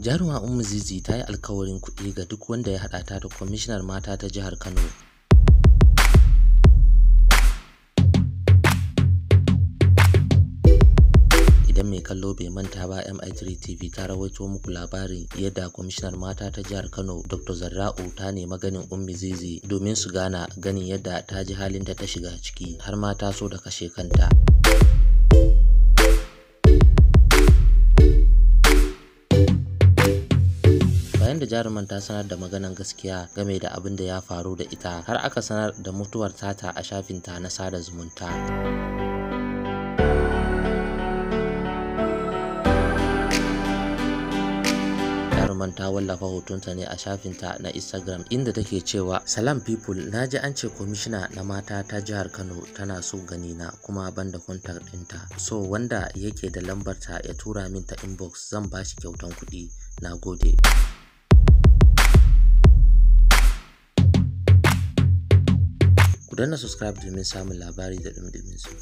Jaruma umu Zizi ta yi alkawarin kuɗi ga duk wanda ya haɗa ta da Kwamishinar Mata ta Jihar Kano. Idan mai kallo bai manta ba MI3 TV ta rawaito muku labarin yadda kwamishinar mata ta jihar Kano Dr. Zarra'u ta nemi ganin umu Zizi domin su gana ganin yadda ta ji halin da ta shiga ciki har ma ta so da kashe kanta. yayin da jaruman ta sanar da maganan gaskiya game da abin da ya faru da ita har aka sanar da mutuwar tata a shafinta na sada zumunta. ta wallafa hotunta ne a shafinta na Instagram inda take cewa Salam people na ji an ce kwamishina na mata ta jihar Kano tana so gani na kuma banda kontak ɗinta. So wanda yake da lambarta ya tura min ta inbox zan bashi kyautan kuɗi. Na gode. Ku danna subscribe domin samun labari da ɗumi su.